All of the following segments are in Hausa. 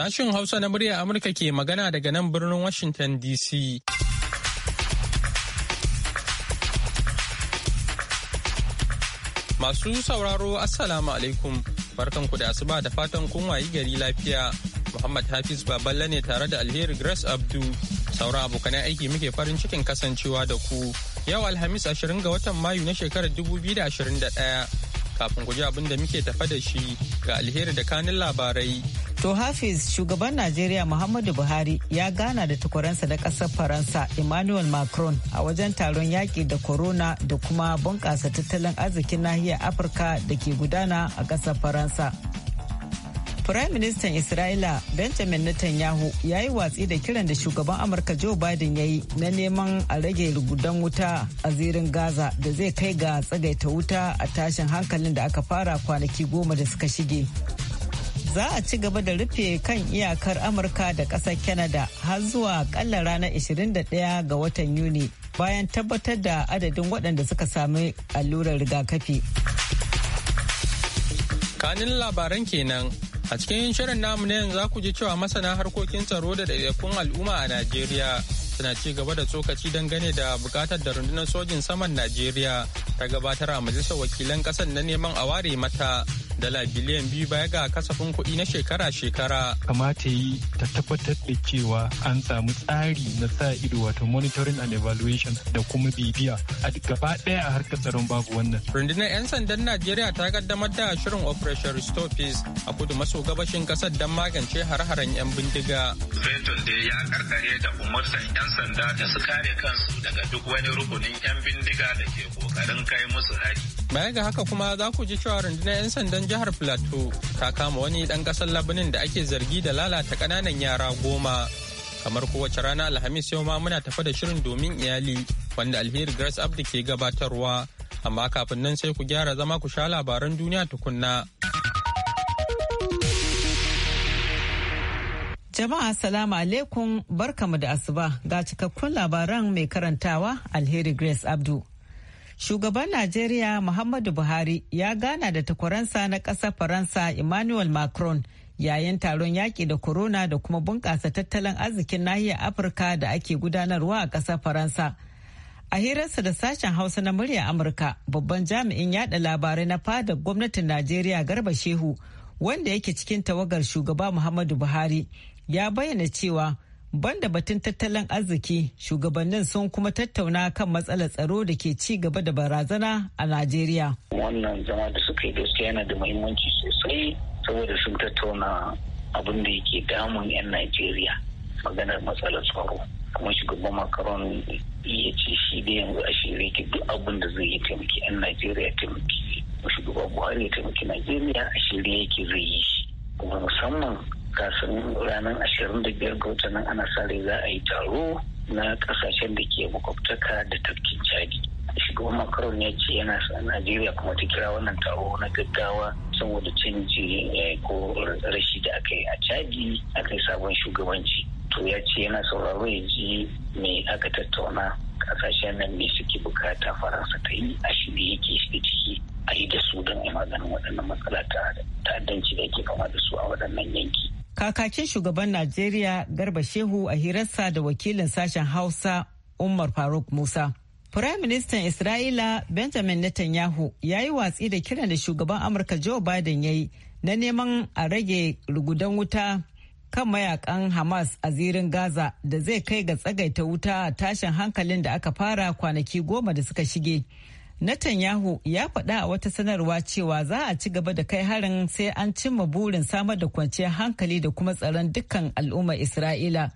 Sashin Hausa na murya Amurka ke magana daga nan birnin Washington DC. Masu sauraro Assalamu alaikum barkanku da asuba da fatan kun wayi gari lafiya. Muhammad Hafiz Baballe ne tare da Alheri Grace Abdu. Sauran abokan aiki muke farin cikin kasancewa da ku. Yau Alhamis 20 ga watan Mayu na shekarar 2021. kafin guji abin da muke tafa da shi ga alheri da kanin labarai. To Hafiz shugaban Najeriya Muhammadu Buhari ya gana da tukuransa na ƙasar Faransa Emmanuel Macron a wajen taron yaƙi da corona da kuma bunƙasa tattalin arzikin nahiyar Afirka da ke gudana a ƙasar Faransa. Prime Minister Isra'ila Benjamin Netanyahu ya yi watsi da kiran da shugaban Amurka Joe Biden ya yi na neman a rage rugudan wuta a zirin Gaza da zai kai ga tsagaita wuta a tashin hankalin da aka fara kwanaki goma da suka shige. Za a ci gaba da rufe kan iyakar Amurka da ƙasar Canada har zuwa ƙalla ranar 21 ga watan Yuni bayan tabbatar da adadin waɗanda suka sami allurar rigakafi. Kanin labaran kenan A cikin shirin namu na za ku ji cewa masana harkokin tsaro da ɗaiɗaikun al'umma a Najeriya suna ci gaba da tsokaci dangane da bukatar da rundunar sojin saman Najeriya ta gabatar a majalisar wakilan ƙasar na neman a ware mata dala biliyan biyu baya ga kasafin kuɗi na shekara-shekara. Kamata yi ta tabbatar da cewa an samu tsari na sa ido wato monitoring and evaluation da kuma bibiya a gaba ɗaya a harkar tsaron babu wannan. Rundunar 'yan sandan Najeriya ta kaddamar da shirin Operation Restore a kudu maso gabashin kasar don magance har-haren 'yan bindiga. Fetur dai ya karkare da umarsan 'yan sanda da su kare kansu daga duk wani rukunin 'yan bindiga da ke kokarin kai musu hari. Baya ga haka kuma za ku ji cewa rundunar 'yan sandan jihar Plateau ta kama wani dan ƙasar Labanin da ake zargi da lalata kananan yara goma. Kamar kowace rana Alhamis yau ma muna tafa da shirin domin iyali wanda Alheri Grace abdu ke gabatarwa. Amma kafin nan sai ku gyara zama ku sha labaran duniya tukunna. Jama'a salamu alaikum barkamu da asuba ga cikakkun labaran mai karantawa Alheri Grace Abdu. Shugaban Najeriya Muhammadu Buhari ya gana da takwaransa na ƙasar Faransa Emmanuel Macron yayin taron yaƙi da corona da kuma bunƙasa tattalin arzikin nahiyar Afirka da ake gudanarwa a ƙasar Faransa. A hirarsa da sashen Hausa na murya Amurka, babban jami'in yada labarai na fadar gwamnatin Najeriya Garba Shehu, wanda yake cikin tawagar shugaba Muhammadu Buhari, ya bayyana cewa Banda batun tattalin arziki, shugabannin sun kuma tattauna kan matsalar tsaro da ke ci gaba da barazana a Najeriya. Wannan zama da suka yi gaskiya yana da muhimmanci sosai saboda sun tattauna abin da yake damun 'yan Najeriya maganar matsalar tsaro. Kuma shugaban makaron iya ce shi da yanzu a shirye ke duk abin da zai yi taimaki 'yan Najeriya taimaki. shugaban Buhari ya taimaki Najeriya a shirye yake zai yi shi. Kuma musamman kafin ranar ashirin da biyar ga watan nan ana sa za a yi taro na kasashen da ke makwabtaka da tafkin cadi shugaban makaron ya ce yana sa najeriya kuma ta kira wannan taro na gaggawa saboda canji eh, ko rashi da aka yi a caji, aka yi sabon shugabanci to ya ce yana sauraro ya ji me aka tattauna kasashen nan ne suke bukata faransa ta yi a shirye yake shiga ciki a yi da su don a maganin waɗannan matsala ta ta'addanci da ke kama da su a waɗannan yanki Kakakin shugaban Najeriya Garba Shehu a hirarsa da wakilin sashen Hausa Umar Faruk Musa. Firaministan Isra'ila Benjamin Netanyahu ya yi watsi da kiran da shugaban Amurka Joe Biden ya yi na neman a rage rugudan wuta kan mayakan Hamas a zirin Gaza da zai kai ga tsagaita wuta a tashin hankalin da aka fara kwanaki goma da suka shige. Netanyahu ya faɗa a wata sanarwa cewa za a ci gaba da kai harin sai an cimma burin samar da kwanciyar hankali da kuma tsaron dukkan al'ummar Isra'ila.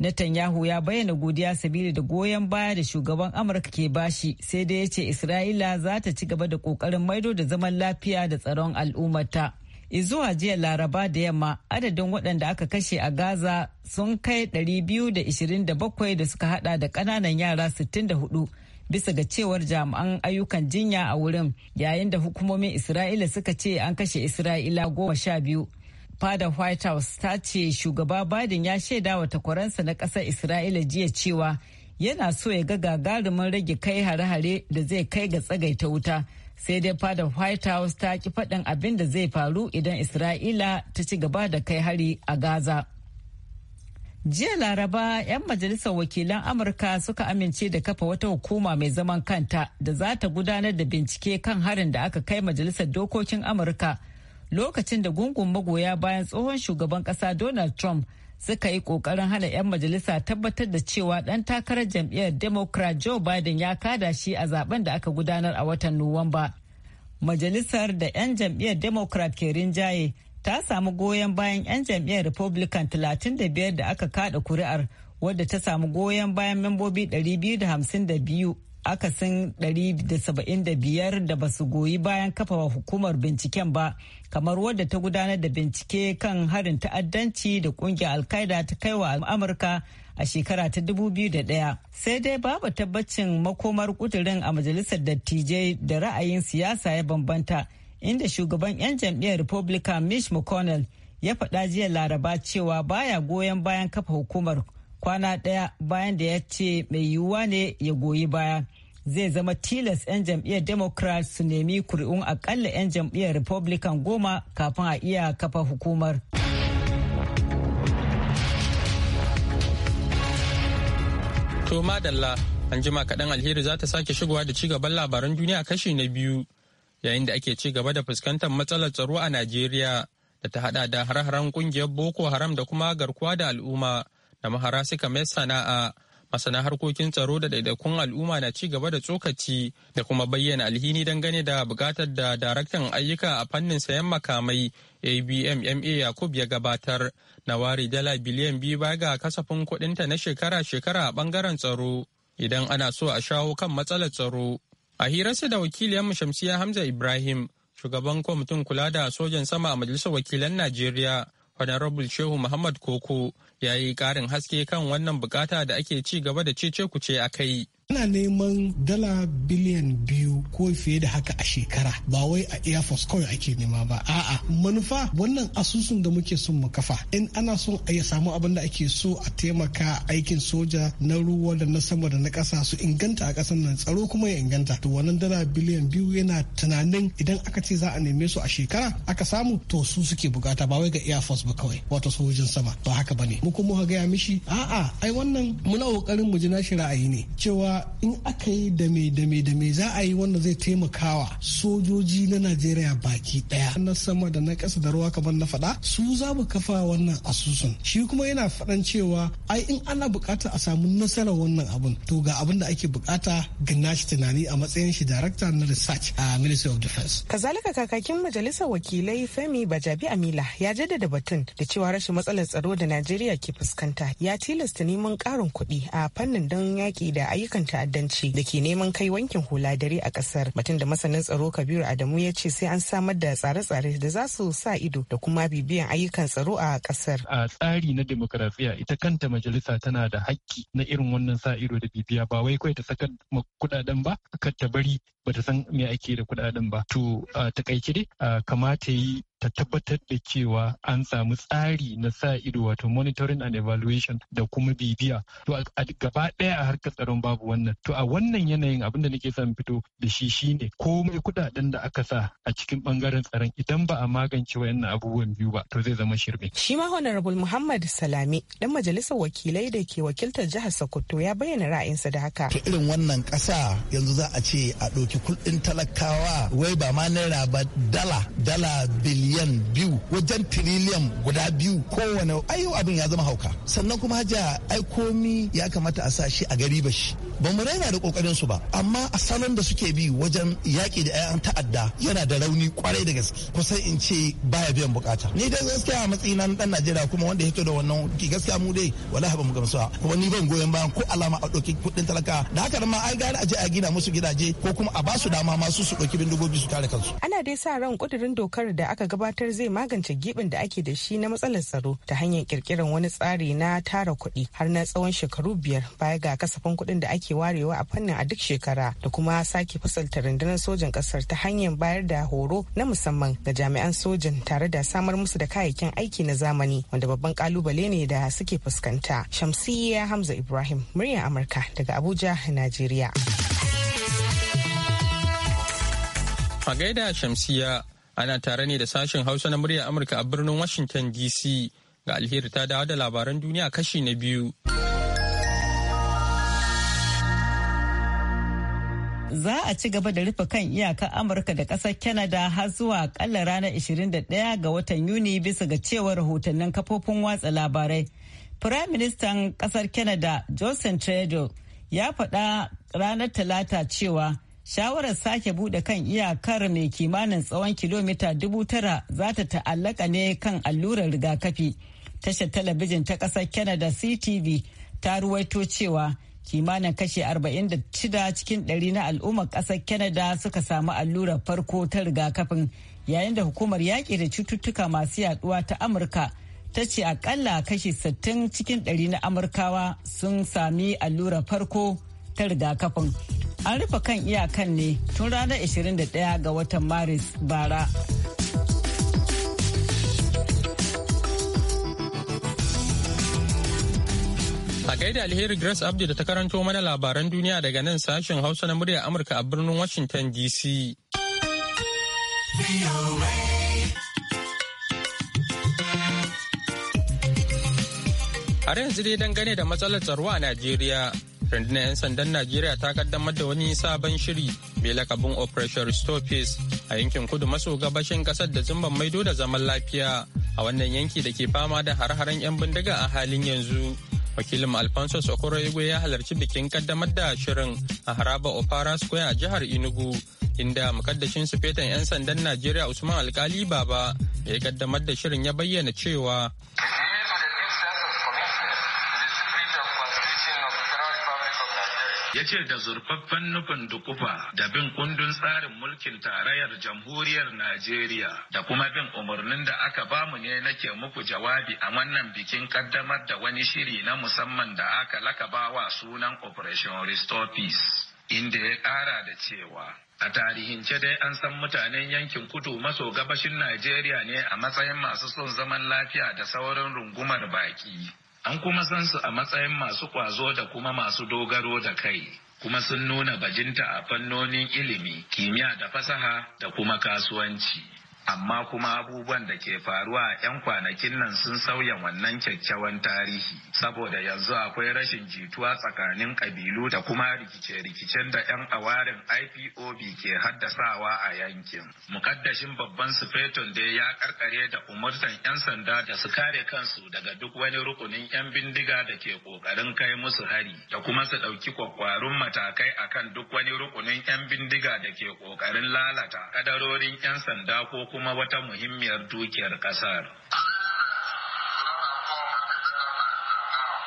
Netanyahu ya bayyana godiya sabili da goyon baya da shugaban Amurka ke bashi sai dai ya ce Isra'ila za ta ci gaba da kokarin maido da zaman lafiya da tsaron al'ummata. Izuwa jiya Laraba da yamma adadin waɗanda aka kashe a Gaza sun kai 227 da suka hada da ƙananan yara 64. bisa ga cewar jami'an ayyukan jinya a wurin yayin da hukumomin Isra'ila suka ce an kashe Isra'ila goma sha biyu. Fada White House ta ce shugaba Biden ya shaida wa takwaransa na ƙasar Isra'ila jiya cewa yana so ya ga gagarumin rage kai hare-hare da zai kai ga tsagaita wuta. sai dai fada white house ta ki faɗin abin da zai faru idan isra'ila ta ci gaba da kai hari a gaza Jiya Laraba 'yan majalisar wakilan Amurka suka amince da kafa wata hukuma mai zaman kanta da za ta gudanar da bincike kan harin da aka kai majalisar dokokin Amurka lokacin da gungun magoya bayan tsohon shugaban kasa Donald Trump suka yi kokarin hana 'yan majalisa tabbatar da cewa dan takarar jam'iyyar Democrat Joe Biden ya kada shi a zaben da aka gudanar a watan Nuwamba. Majalisar da 'yan jam'iyyar Democrat ke rinjaye ta samu goyon bayan 'yan jam'iyyar republican 35 da aka kada kuri'ar wadda ta samu goyon bayan membobi 252 akasin 175 da ba su goyi bayan kafa hukumar binciken ba kamar wadda ta gudanar da bincike kan harin ta'addanci da kungiyar alkaida ta kai wa amurka a shekara ta 2001 sai dai babu tabbacin makomar kudurin a majalisar dattijai da ra'ayin siyasa ya bambanta inda shugaban 'yan jam'iyyar republican mitch mcconnell ya faɗa jiya laraba cewa baya goyon bayan kafa hukumar kwana ɗaya bayan da ya ce mai yiwuwa ne ya goyi baya zai zama tilas 'yan jam'iyyar democrat su nemi kuri'un akalla 'yan jam'iyyar republican goma kafin a iya kafa hukumar. To madalla, an jima kaɗan alheri za ta sake shigowa da cigaban labaran duniya kashi na biyu. yayin da ake ci gaba da fuskantar matsalar tsaro a Najeriya da ta hada da har-haren kungiyar Boko Haram da kuma garkuwa da al'umma da mahara suka mai sana'a masana harkokin tsaro da ɗaiɗaikun al'umma na ci gaba da tsokaci da kuma bayyana alhini dangane da buƙatar da daraktan ayyuka a fannin sayan makamai abm ma yakub ya gabatar na ware dala biliyan biyu baya ga kasafin kuɗinta na shekara-shekara a ɓangaren tsaro idan ana so a shawo kan matsalar tsaro A hirarsa da wakiliyarmu Shamsiya Hamza Ibrahim, shugaban kwamitin kula da sojan sama a Majalisar Wakilan Najeriya, Honorable Shehu Muhammad Koko, ya yi ƙarin haske kan wannan bukata da ake ci gaba da cece kuce a kai. ana neman dala biliyan biyu ko fiye da haka a shekara ba wai a air force kawai ake nema ba a'a manufa wannan asusun da muke son mu kafa in ana son a ya samu abin da ake so a taimaka aikin soja na ruwa da na sama da na ƙasa su inganta a ƙasar nan tsaro kuma ya inganta to wannan dala biliyan biyu yana tunanin idan aka ce za a neme su a shekara aka samu to su suke bukata ba wai ga air force ba kawai wato sojojin sama ba haka bane mu kuma ya mishi a'a ai wannan muna kokarin mu ji nashi ra'ayi ne cewa in aka yi da me da za a yi wanda zai taimakawa sojoji na najeriya baki daya na sama da na kasa da ruwa kamar na faɗa su za mu kafa wannan asusun shi kuma yana faɗan cewa ai in ana buƙata a samu nasarar wannan abun to ga abin da ake bukata ga nashi tunani a matsayin shi director na research a ministry of defense kazalika kakakin majalisar wakilai femi bajabi amila ya jaddada batun da cewa rashin matsalar tsaro da najeriya ke fuskanta ya tilasta neman karin kuɗi a fannin don yaƙi da ayyukan ta'addanci da ke neman kai wankin hula dare a kasar batun da masanin tsaro kabiru adamu ya ce sai an samar da tsare-tsare da za su sa ido da kuma bibiyan ayyukan tsaro a kasar a tsari na demokarasiya ita kanta majalisa tana da hakki na irin wannan sa ido da bibiya ba wai kai ta saka kuɗaɗen ba kar ta bari bata san me ake da kuɗaɗen ba to a takaice dai kamata yi ta tabbatar da cewa an samu tsari na sa ido wato monitoring and evaluation da kuma bibiya to a gaba ɗaya a harkar tsaron babu wannan to a wannan yanayin abin da nake son fito da shi shine komai kudaden da aka sa a cikin bangaren tsaron idan ba a magance wayannan abubuwan biyu ba to zai zama shirme shi ma honorable muhammad salami dan majalisar wakilai da ke wakiltar jihar sokoto ya bayyana ra'ayinsa da haka to irin wannan ƙasa yanzu za a ce a ɗauki kuɗin talakawa wai ba ma naira ba dala dala biliyan biliyan biyu wajen tiriliyan guda biyu kowane ayo abin ya zama hauka sannan kuma haja ai komi ya kamata a sa shi a gari ba shi ba mu raina da kokarin su ba amma a salon da suke bi wajen yaki da ayan ta'adda yana da rauni kwarai da gaske kusan in ce baya biyan bukata ni dai gaskiya a matsayina na dan Najeriya kuma wanda ya fito da wannan ki gaskiya mu dai wallahi ba mu gamsuwa kuma ni ban goyon bayan ko alama a ɗauki kuɗin talaka da haka ma ai gane a je a gina musu gidaje ko kuma a ba su dama masu su ɗauki bindigogi su kare kansu ana dai sa ran kudirin dokar da aka gabatar zai magance gibin da ake da shi na matsalar tsaro ta hanyar kirkirar wani tsari na tara kuɗi har na tsawon shekaru biyar baya ga kasafin kuɗin da ake warewa a fannin a duk shekara da kuma sake fasalta rundunar sojan ƙasar ta hanyar bayar da horo na musamman ga jami'an sojan tare da samar musu da kayayyakin aiki na zamani wanda babban kalubale ne da suke fuskanta. Shamsiyya Hamza Ibrahim, muryar Amurka daga Abuja, Najeriya. A gaida shamsiyya. Ana tare ne da sashen Hausa na muryar Amurka a birnin Washington DC ga alheri ta dawo da labaran duniya kashi na biyu. Za a ci gaba da rufe kan iyakar Amurka da ƙasar Canada har zuwa akalla ranar 21 ga watan Yuni bisa ga cewar rahotannin kafofin watsa labarai. Firaministan ƙasar Canada, Justin Trudeau, ya faɗa ranar Talata cewa shawarar sake bude kan iyakar mai kimanin tsawon kilomita dubu tara za ta ta'allaka ne kan allurar rigakafi tashar talabijin ta kasar canada ctv ta ruwaito cewa kimanin kashe 46 cikin 100 na al'ummar kasar canada suka samu allurar farko ta rigakafin yayin da hukumar yaƙi da cututtuka masu yaduwa ta amurka ta ce akalla kashi 60 cikin 100 na amurkawa sun sami allurar farko ta rigakafin An rufe kan iyakan ne tun ranar 21 ga watan Maris bara. A gaida alheri Grace Abdi da ta karanto mana labaran duniya daga nan sashen Hausa na murya Amurka a birnin Washington DC. Har yanzu dai dangane da matsalar tsaro a Najeriya, rundunar 'yan sandan najeriya ta kaddamar da wani sabon shiri mai lakabin operation restore peace a yankin kudu maso gabashin kasar da zumban maido da zaman lafiya a wannan yanki da ke fama da har-haren 'yan bindiga a halin yanzu wakilin alfonso sokoroyego ya halarci bikin kaddamar da shirin a haraba opara square a jihar enugu inda mukaddashin fetan 'yan sandan najeriya usman alkali baba ya kaddamar da shirin ya bayyana cewa ya ce da zurfaffen nufin dukufa da bin kundin tsarin mulkin tarayyar jamhuriyar Najeriya da kuma bin umarnin da aka bamu ne nake muku jawabi a wannan bikin kaddamar da wani shiri na musamman da aka lakabawa sunan Operation Restore Peace. Inda ya ƙara da cewa A tarihince dai an san mutanen yankin kudu maso gabashin Najeriya ne a matsayin masu son zaman lafiya da sauran rungumar baki. An kuma san su a matsayin masu ƙwazo da kuma masu dogaro da kai. kuma sun nuna bajinta a fannonin ilimi, kimiyya da fasaha da kuma kasuwanci. amma kuma abubuwan da ke faruwa a 'yan kwanakin nan sun sauya wannan kyakkyawan tarihi saboda yanzu akwai rashin jituwa tsakanin kabilu da kuma rikice-rikicen da 'yan awarin ipob ke haddasawa a yankin mukaddashin babban sufeton da ya karkare da umurtan 'yan sanda da su kare kansu daga duk wani rukunin 'yan bindiga da ke kokarin kai musu hari da kuma su ɗauki kwakwarun matakai akan duk wani rukunin 'yan bindiga da ke kokarin lalata kadarorin 'yan sanda ko kuma wata muhimmiyar dukiyar ƙasar.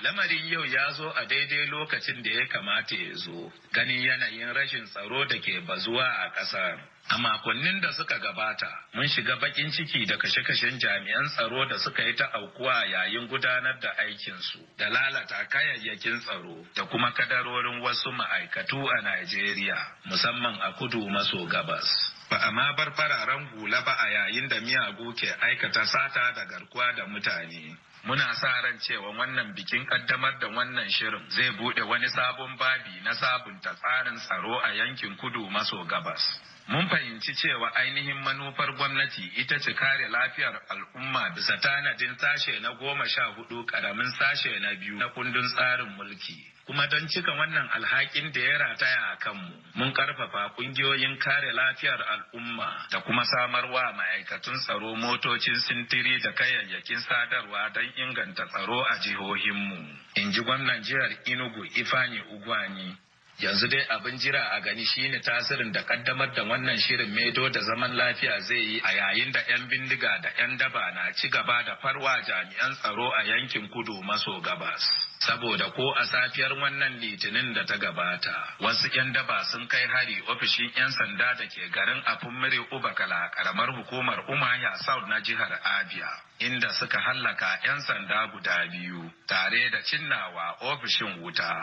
Lamarin yau ya zo a daidai lokacin da ya kamata ya zo, ganin yanayin rashin tsaro da ke bazuwa a ƙasar. A makonnin da suka gabata, mun shiga bakin ciki da kashe-kashen jami'an tsaro da suka yi ta aukuwa yayin gudanar da aikinsu, da lalata kayayyakin tsaro da kuma kadarorin wasu ma'aikatu a Najeriya, musamman a kudu maso gabas. ba a ma bar fararen gula ba a yayin da miyagu ke aikata sata da garkuwa da mutane. Muna sa ran cewa wannan bikin kaddamar da wannan shirin zai buɗe wani sabon babi na sabunta tsarin tsaro a yankin kudu maso gabas. Mun fahimci cewa ainihin manufar gwamnati ita ce kare lafiyar al'umma bisa tanadin sashe na goma sha hudu karamin sashe na biyu na kundin tsarin mulki. kuma don cika wannan alhakin da ya rataya a kanmu mun karfafa kungiyoyin kare lafiyar al'umma da kuma samarwa ma'aikatun tsaro motocin sintiri da kayayyakin sadarwa don inganta tsaro a jihohinmu in ji gwamnan jihar inugu ifani ugwani yanzu dai abin jira a gani shine tasirin da kaddamar da wannan shirin medo da zaman lafiya zai yi a yayin da 'yan bindiga da 'yan daba na ci gaba da farwa jami'an tsaro a yankin kudu maso gabas. saboda ko a safiyar wannan litinin da ta gabata wasu 'yan daba sun kai hari ofishin 'yan sanda da ke garin afunmire ubakala karamar hukumar umaya south na jihar abia inda suka hallaka 'yan sanda guda biyu tare da cinnawa ofishin wuta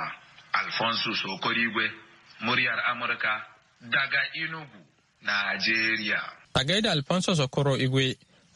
alfonso sokorigwe muryar amurka daga inugu Najeriya. a gaida alfonso sokoro igwe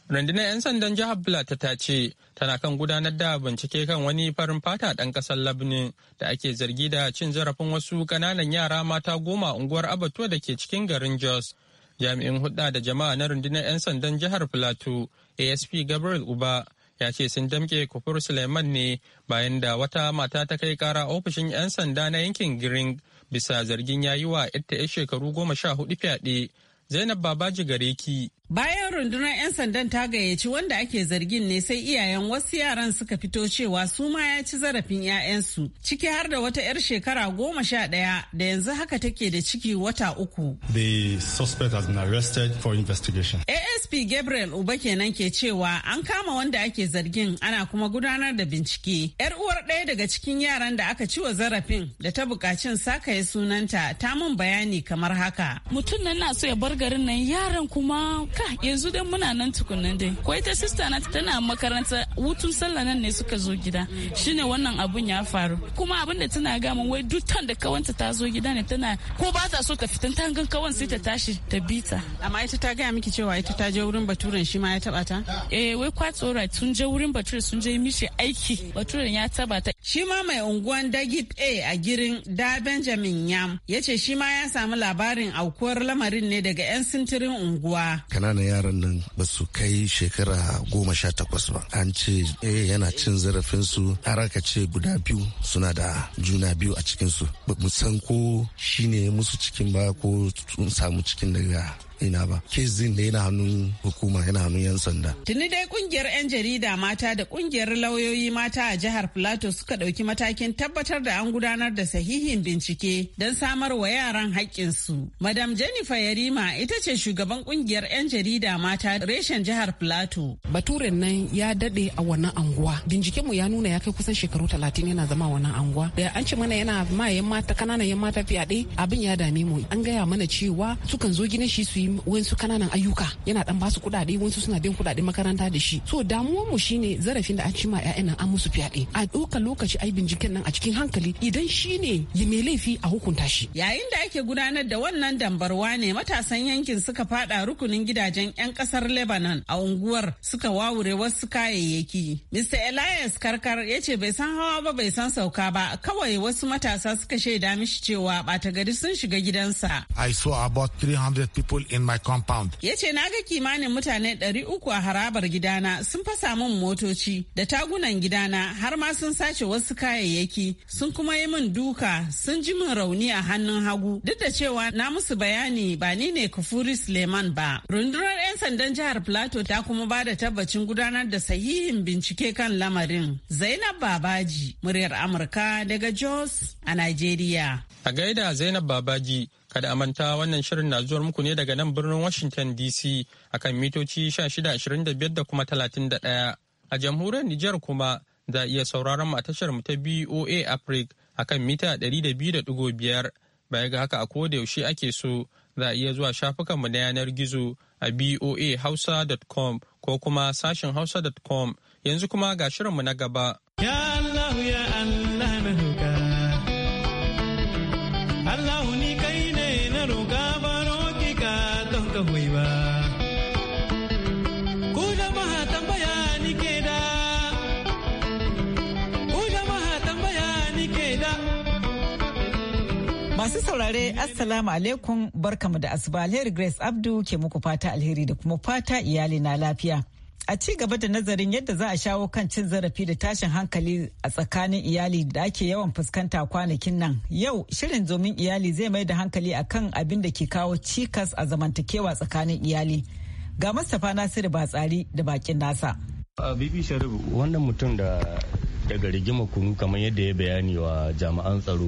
rundunar 'yan sandan jihar Blata ta ce tana kan gudanar da bincike kan wani farin fata ɗan ƙasar labnin da ake zargi da cin zarafin wasu ƙananan yara mata goma unguwar abatuwa da ke cikin garin jos jami'in hudda da jama'a na rundunar 'yan sandan jihar plateau asp gabriel uba ya ce sun damke kufur suleiman ne bayan da wata mata ta kai kara ofishin 'yan sanda na yankin girin bisa zargin ya yi wa 'yarta 'yar shekaru goma sha hudu fyaɗe zainab babaji gareki Bayan rundunar 'yan sandan ta gayyaci wanda ake zargin ne sai iyayen wasu yaran suka fito cewa su ma ya ci zarafin 'ya'yansu ciki har da wata 'yar shekara goma sha ɗaya da yanzu haka take da ciki wata uku. The suspect has been arrested for investigation. ASP Gabriel Uba kenan ke cewa an kama wanda ake zargin ana kuma gudanar da bincike. 'Yar uwar ɗaya daga cikin yaran da aka ciwa zarafin da ta bukacin sakaye sunanta ta mun bayani kamar haka. Mutum nan na so ya bar garin nan yaran kuma haka yanzu dai muna nan tukunan dai ko ita sista na tana makaranta hutun sallah nan ne suka zo gida shine wannan abun ya faru kuma abin da tana ga mun wai dutan da kawanta ta zo gida ne tana ko ba ta so ta fita ta gan kawan sai ta tashi ta bita amma ita ta gaya miki cewa ita ta je wurin baturen shi ma ya taba ta eh wai tsora tun je wurin bature sun je mishi aiki baturen ya taba ta shi ma mai unguwan dagit a a girin da benjamin yam yace shi ma ya samu labarin aukuwar lamarin ne daga 'yan sintirin unguwa kananan yaran nan ba su kai shekara goma sha takwas ba an ce eh yana cin zarafinsu har aka ce guda biyu suna da juna biyu a cikinsu ba mu san ko shine musu cikin ba ko sun samu cikin daga ina ba kes da yana hannun hukuma yana hannun yan sanda tuni dai kungiyar yan jarida mata da kungiyar lauyoyi mata a jihar plateau suka dauki matakin tabbatar da an gudanar da sahihin bincike don samar wa yaran haƙƙinsu madam jennifer yarima ita ce shugaban kungiyar yan jarida mata reshen jihar plateau baturen nan ya dade a wannan anguwa binciken mu ya nuna ya kai kusan shekaru talatin yana zama wannan anguwa da an ce mana yana ma yan mata kananan yan mata fyaɗe abin ya dame mu an gaya mana cewa sukan zo gidan shi su yi wasu kananan ayyuka yana dan basu kuɗaɗe wasu suna bin kudade makaranta da shi so damuwar mu shine zarafin da an cima ƴaƴan nan an musu fyaɗe a dokar lokaci ai binciken nan a cikin hankali idan shine ya mai laifi a hukunta shi yayin da ake gudanar da wannan dambarwa ne matasan yankin suka fada rukunin gidajen 'yan kasar Lebanon a unguwar suka wawure wasu kayayyaki. Mr. Elias Karkar ya ce bai san hawa ba bai san sauka ba kawai wasu matasa suka shaida mishi cewa bata gari sun shiga gidansa. I saw about 300 people in my compound. Ya na ga kimanin mutane ɗari uku a harabar gidana sun fasa min motoci da tagunan gidana har ma sun sace wasu kayayyaki sun kuma yi min duka sun ji min rauni a hannun hagu duk da cewa na musu bayani ba ni ne kufuri Suleiman ba. Rundunar 'yan sandan jihar Plateau ta kuma ba da tabbacin gudanar da sahihin bincike kan lamarin. Zainab Babaji, muryar Amurka daga Jos a nigeria. A gaida Zainab Babaji, kada a manta wannan shirin na zuwa muku ne daga nan birnin Washington DC akan mitoci 1625 da kuma 31. A jamhuriyar Nijar kuma za a iya sauraron mu a tashar mu ta BOA Africa akan mita 200.5. Baya ga haka a koda yaushe ake so za a iya zuwa shafukanmu na yanar gizo a voa hausa.com ko kuma sashen hausa.com yanzu kuma ga shirinmu na gaba. Yeah! Masu saurare Assalamu alaikum barkamu da asuba alheri Grace Abdu ke muku fata alheri da kuma fata iyali na lafiya. A ci gaba da nazarin yadda za a shawo kan cin zarafi da tashin hankali a tsakanin iyali da ake yawan fuskanta kwanakin nan. Yau shirin zomin iyali zai mai da hankali kan abin da ke kawo cikas a zamantakewa tsakanin iyali. Ga Mustapha Nasiru Batsari da bakin nasa. Bibi Sharif wannan mutum da daga rigima kunu kamar yadda ya bayani wa jami'an tsaro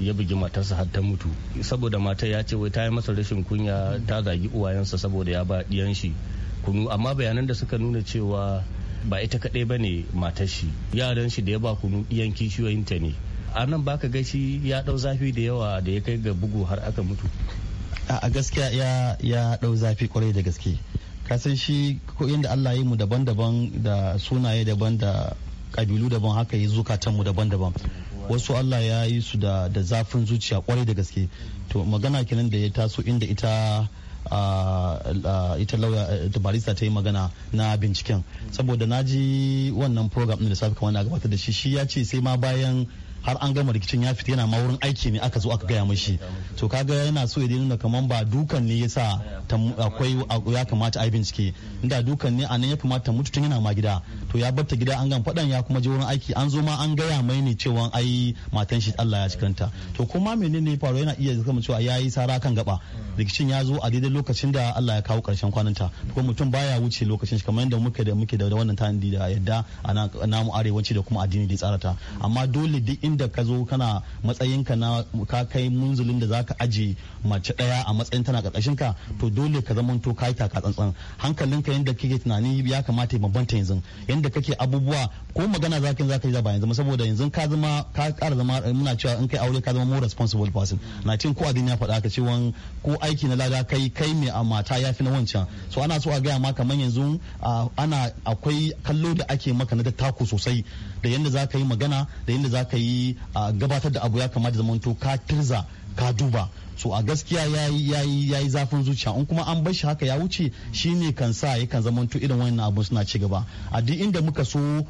ya bugi matarsa har ta mutu saboda matar ya ce wai ta yi masa rashin kunya ta zagi uwayensa saboda ya ba diyan shi kunu amma bayanan da suka nuna cewa ba ita kaɗai ba ne matar shi yaran shi da ya ba kunu ɗiyan ta ne a nan baka gashi ya ɗau zafi da yawa da ya kai ga bugu har aka mutu a gaskiya ya ɗau zafi kwarai da gaske kasan shi ko inda Allah yi mu daban-daban da sunaye daban da kabilu daban haka yi zukatanmu daban-daban wasu Allah ya yi su da zafin zuciya kwarai da gaske to magana kenan da ya taso inda ita ita lauya eh, ta barista ta yi magana na binciken saboda na ji wannan program da safi kamar na gabatar da shi shi ya ce sai ma bayan har an gama rikicin ya fita yana ma wurin aiki ne aka zo aka gaya mashi to kaga yana so ya nuna kaman ba dukan ne yasa akwai ya kamata ai bincike inda dukan ne anan ya kamata mutu tun yana ma gida to ya barta gida an gan fadan ya kuma je wurin aiki an zo ma an gaya mai ne cewa ai matan shi Allah ya cikanta to kuma menene ya faru yana iya zama cewa yayi sara kan gaba rikicin ya zo a daidai lokacin da Allah ya kawo karshen kwananta ko mutum baya wuce lokacin shi kamar yadda muke da muke da wannan tanadi da yadda a namu arewaci da kuma addini da tsarata amma dole duk inda ka zo kana matsayin ka na ka kai munzulin da za ka aje mace daya a matsayin tana karkashin ka to dole ka zama to kai taka tsantsan hankalinka yanda kake tunani ya kamata ya bambanta yanzu yanda kake abubuwa ko magana za ka yi ka yi ba yanzu saboda yanzu ka zama ka kara zama muna cewa in kai aure ka zama more responsible person na cin ko addini ya faɗa ka cewa ko aiki na lada kai kai mai a mata ya fi na wancan so ana so a gaya ma kamar yanzu ana akwai kallo da ake maka na taku sosai da yanda za ka yi magana da yanda za ka yi gabatar da abu ya kamata zamanto ka tirza ka duba so a gaskiya yi yayi yi zafin zuciya in kuma an bar shi haka ya wuce shine kan sa yakan zamanto irin wannan abun suna ci gaba a duk inda muka so mu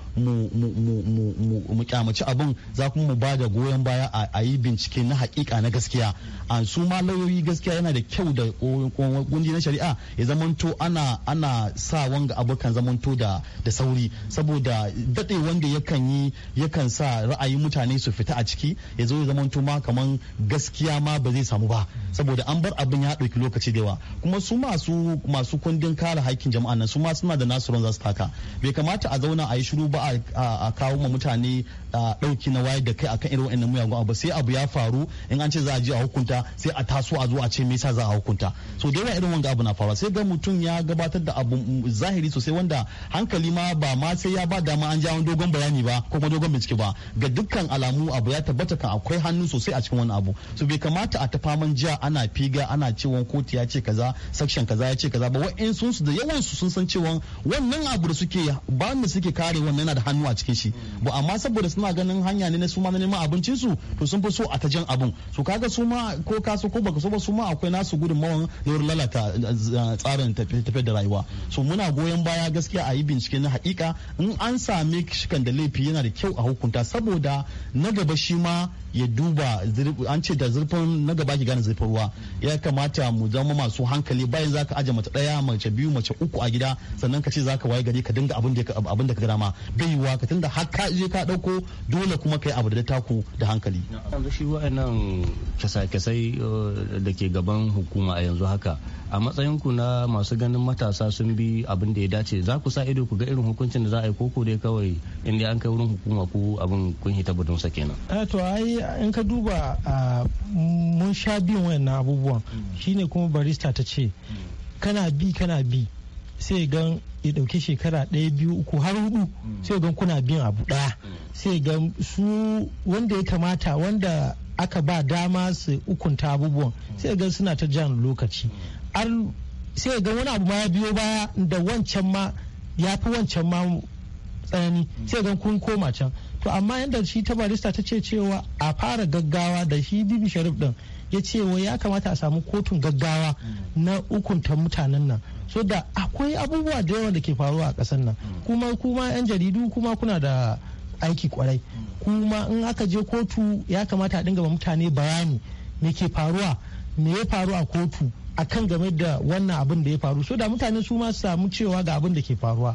mu kyamaci abun za kuma mu ba da goyon baya a yi bincike na hakika na gaskiya a su ma lauyoyi gaskiya yana da kyau da kundi na shari'a ya zamanto ana ana sa wanga zama to da da sauri saboda dade wanda yakan yi yakan sa ra'ayin mutane su fita a ciki ya zo ya zamanto ma kaman gaskiya ma ba zai samu ba ba saboda an bar abin ya ɗauki lokaci da yawa kuma su masu masu kundin kare haƙƙin jama'a nan su ma suna da nasu ran za taka bai kamata a zauna a yi shiru ba a kawo ma mutane ɗauki na wayar da kai akan irin wa'annan muyagun abu sai abu ya faru in an ce za a je a hukunta sai a taso a zo a ce me yasa za a hukunta so da yawa irin wanga abu na faruwa sai ga mutum ya gabatar da abu mm, zahiri sosai wanda hankali ma ba ma sai ya ba dama an ja dogon bayani ba ko kuma dogon bincike ba ga dukkan alamu abu ya tabbata kan akwai hannu sosai a cikin wani abu so bai kamata a ta faman zaman jiya ana figa ana cewa kotu ya ce kaza section kaza ya ce kaza ba wa'in sun su da yawan su sun san cewa wannan abu da suke ba mu suke kare wannan yana da hannu a cikin shi ba amma saboda suna ganin hanya ne na su ma na neman abincin su to sun fi so a ta jan abun su kaga su ma ko ka so ko baka so ba su ma akwai nasu gudunmawan na wurin lalata eh, tsarin tafiyar da rayuwa so muna goyon baya gaskiya a yi bincike na haƙiƙa in an sami shikan da laifi yana da kyau a hukunta saboda na gaba shi ma ya duba an ce da zurfin na gaba ki gane na zafin ruwa ya kamata mu zama masu hankali bayan zaka aje mace daya mace biyu mace uku a gida sannan ka ce zaka waye gari ka dinga abin da ka gada ma bai yiwa ka tunda har ka je ka dauko dole kuma ka yi abu da taku da hankali shi wa'annan kasa-kasai eh, da ke gaban hukuma a yanzu haka a matsayinku na masu ganin matasa sun bi abin da ya dace za ku sa ido ku ga irin hukuncin da za a yi koko dai kawai inda an kai wurin hukuma ko abin kun hita sa kenan. Eh, to ai in ka duba mun sha biyan wayannan abubuwan shine kuma barista ta ce kana bi kana bi sai gan ya dauke shekara ɗaya biyu uku har hudu sai gan kuna biyan abu ɗaya sai gan su wanda ya kamata wanda aka ba dama su ukunta abubuwan sai gan suna ta jan lokaci an sai ga wani abu ma ya biyo baya da wancan ma ya fi wancan ma tsanani sai ga kun koma can to amma yadda shi ta barista ta ce cewa a fara gaggawa da shi bibi sharif din ya ce wa ya kamata a samu kotun gaggawa na hukunta mutanen nan so da akwai abubuwa da yawa da ke faruwa a ƙasar nan kuma kuma yan jaridu kuma kuna da aiki kwarai kuma in aka je kotu ya kamata a dinga mutane bayani me ke faruwa me ya faru a kotu akan game da wannan abin da ya faru so da mutane su ma samu cewa ga abin da ke faruwa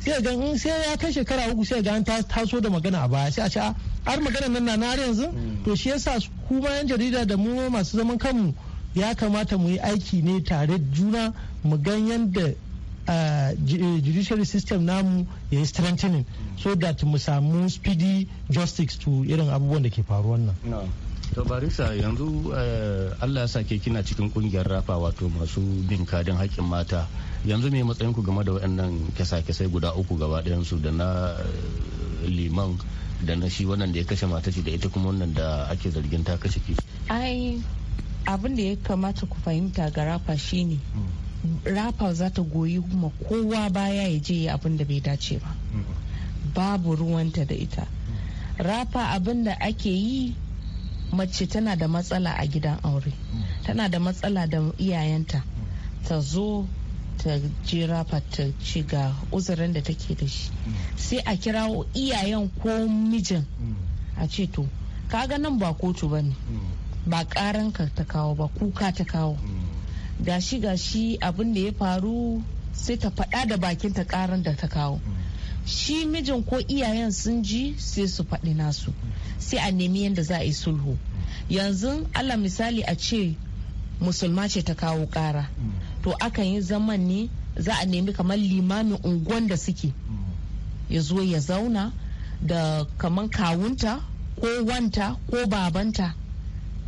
sai ga in sai ya kai shekara uku sai ga an taso da magana a baya sai a ce ah, har magana nan na nare yanzu mm. to shi yasa kuma yan jarida da mu masu zaman kanmu ya kamata mu yi aiki ne tare juna mu gan yadda ah, eh, judiciary system namu ya yi strengthening mm. so that mu samu speedy justice to irin abubuwan da ke faruwan nan. to barisa yanzu eh, allah ya sake kina cikin kungiyar rafa wato masu bin kadin haƙƙin mata yanzu me matsayin ku game da waɗannan kyasa-kyasai guda uku gaba ɗayansu da na eh, liman da na shi wannan da ya kashe mata da ita kuma wannan da ake zargin ta kashe ki ai abin da ya kamata ku fahimta ga rafa shine mm. rafa za ta goyi kuma kowa baya ya je abin da bai dace ba mm. babu ruwanta da ita mm. rafa abin da ake yi mace tana da matsala a gidan aure tana da matsala da iyayenta ta zo ta jira ta ci ga uzurin da take da shi sai a kirawo iyayen ko mijin a ce to kaga nan ba kotu ba ne ba karanka ta kawo ba kuka ta kawo gashi gashi abin da ya faru sai ta faɗa da bakinta karan da ta kawo shi mijin ko iyayen sun ji sai su faɗi nasu sai a nemi yadda za a yi sulhu yanzu allah misali a ce musulma ce ta kawo ƙara to akan yi zaman ne za a nemi kamar limamin unguwan da suke ya zo ya zauna da kamar kawunta ko wanta ko babanta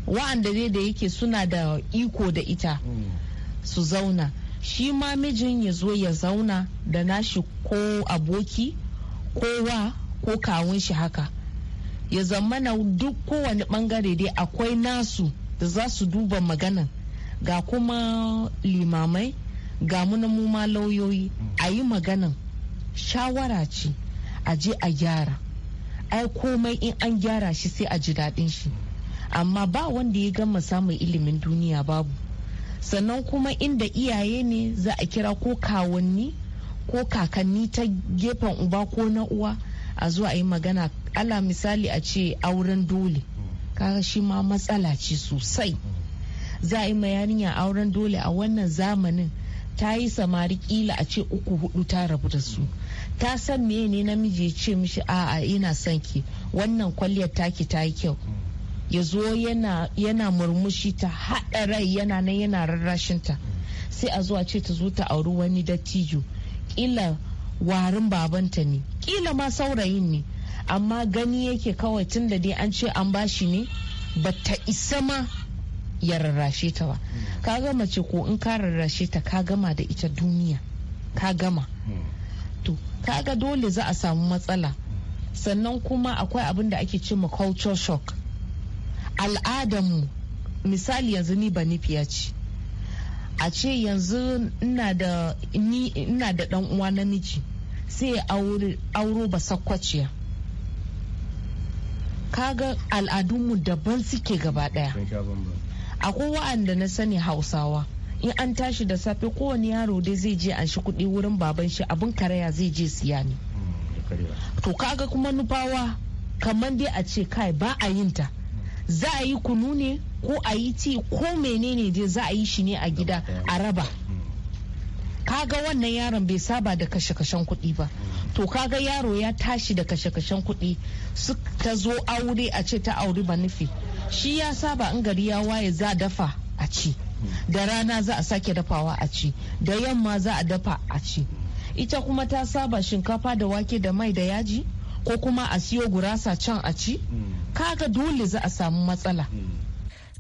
wa'anda dai da yake suna da iko da ita mm. su zauna shi ma mijin ya zo ya zauna da nashi ko aboki ko wa ko kawun shi haka ya zamana duk kowane bangare dai akwai nasu da za su duba maganan ga kuma limamai ga muna ma lauyoyi a yi maganan shawara ce a je a gyara ai komai in an gyara shi sai a ji daɗin shi amma ba wanda ya gama samun ilimin duniya babu sannan kuma inda iyaye ne za a kira ko kawanni ko kakanni ta gefen uba ko na uwa a zuwa a yi magana ala misali a ce auren dole kaga shi ma matsala ce sosai za a yi ma yarinyar auren dole a wannan zamanin ta yi samari kila a ce uku hudu ta rabu da su ta san me ne namiji ya ce mishi a'a ina son ki wannan kwalliyar taki ta yi kyau ya zo yana murmushi ta haɗa rai yana nan yana ta sai a zuwa ce ta zo ta auri wani dattijo ƙila warin babanta ne ƙila ma saurayin ne amma gani yake kawai tun da dai an ce an bashi ne ba ta isa ma ya rarrashe ta ba ka gama ce ko in ka rarrashe ta ka gama da ita duniya ka gama to kaga dole za a samu matsala sannan kuma akwai abin da ake ce ma culture shock al'adamu misali yanzu ni ba nufiya ce a ce yanzu ina da dan uwa namiji sai auro ba sakwaciya kaga al'adunmu daban suke gaba daya akwai wa'anda na sani hausawa in an tashi da safe kowane yaro dai zai je an shi kuɗi wurin baban shi abin karaya zai je siya ne hmm, to kaga kuma nufawa kamar dai a ce kai ba a yin ta za a yi kunu ne ko a yi ti ko menene dai za a yi shi ne a gida a raba mm. kaga wannan yaron bai saba da kashe-kashen kuɗi ba mm. to kaga yaro ya tashi da kashe-kashen kuɗi ta zo aure a ce ta auri ba nufi shi ya saba in gari ya waye za a dafa a ci mm. da rana za a sake dafawa a ci da yamma za a dafa a ci ita kuma ta saba shinkafa da wake da mai da yaji ko kuma a siyo gurasa can a ci mm. kaga dole za a samu matsala mm.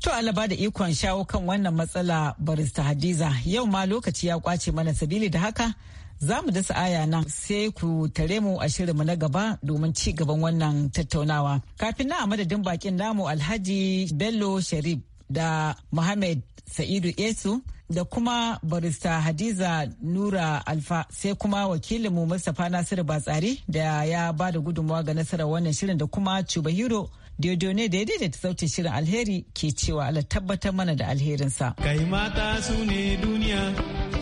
To alaba da ikon shawo kan wannan matsala barista Hadiza yau ma lokaci ya kwace mana sabili da haka za mu dasa aya nan sai ku tare mu a shirinmu na gaba domin ci gaban wannan tattaunawa. Kafin na madadin bakin namu Alhaji Bello Sharif da Muhammad Sa'idu Esu da kuma barista hadiza nura alfa sai kuma wakilinmu mustapha nasiru batsari da ya ba da gudunmawa ga nasarar wannan shirin da kuma cuba hero ne da ya daidaita sautin shirin alheri ke cewa ala tabbatar mana da alherinsa kai mata su ne duniya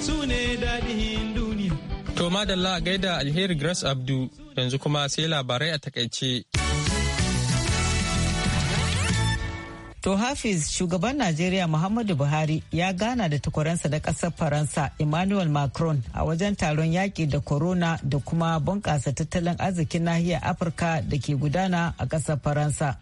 su ne daɗin duniya to madalla gaida alheri grace abdu yanzu kuma sai labarai a takaice To Hafiz shugaban Najeriya Muhammadu Buhari ya gana da takwaransa na ƙasar Faransa Emmanuel Macron a wajen taron yaƙi da corona da kuma bunƙasa tattalin arzikin nahiyar Afirka da ke gudana a ƙasar Faransa.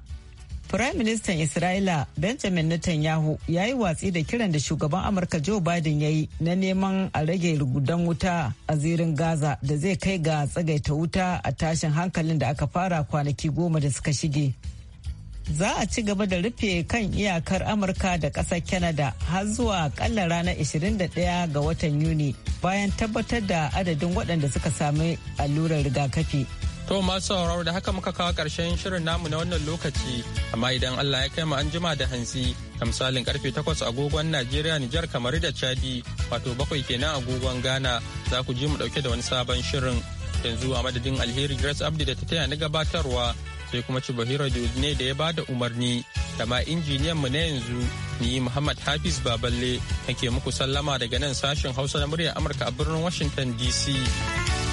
Firayim Ministan Isra'ila Benjamin Netanyahu ya yi watsi da kiran da shugaban Amurka Joe Biden ya yi na neman a rage rugudan wuta a zirin Gaza da zai kai ga tsagaita wuta a tashin hankalin da aka fara kwanaki goma da suka shige. za a ci gaba da rufe kan iyakar amurka da ƙasar canada har zuwa kalla ranar 21 ga watan yuni bayan tabbatar da adadin waɗanda suka sami allurar rigakafi to masu sauraro da haka muka kawo ƙarshen shirin namu na wannan lokaci amma idan allah ya kai mu an jima da hansi da misalin karfe 8 agogon najeriya nijar kamar da chadi wato bakwai kenan agogon ghana za ku ji mu dauke da wani sabon shirin yanzu a madadin alheri grace abdi da ta taya na gabatarwa sai kuma Chibahiro ne da ya ba da umarni da ma injiniyan mu na yanzu ni Muhammad Hafiz Baballe nake muku sallama daga nan sashen Hausa na muryar Amurka a birnin Washington DC.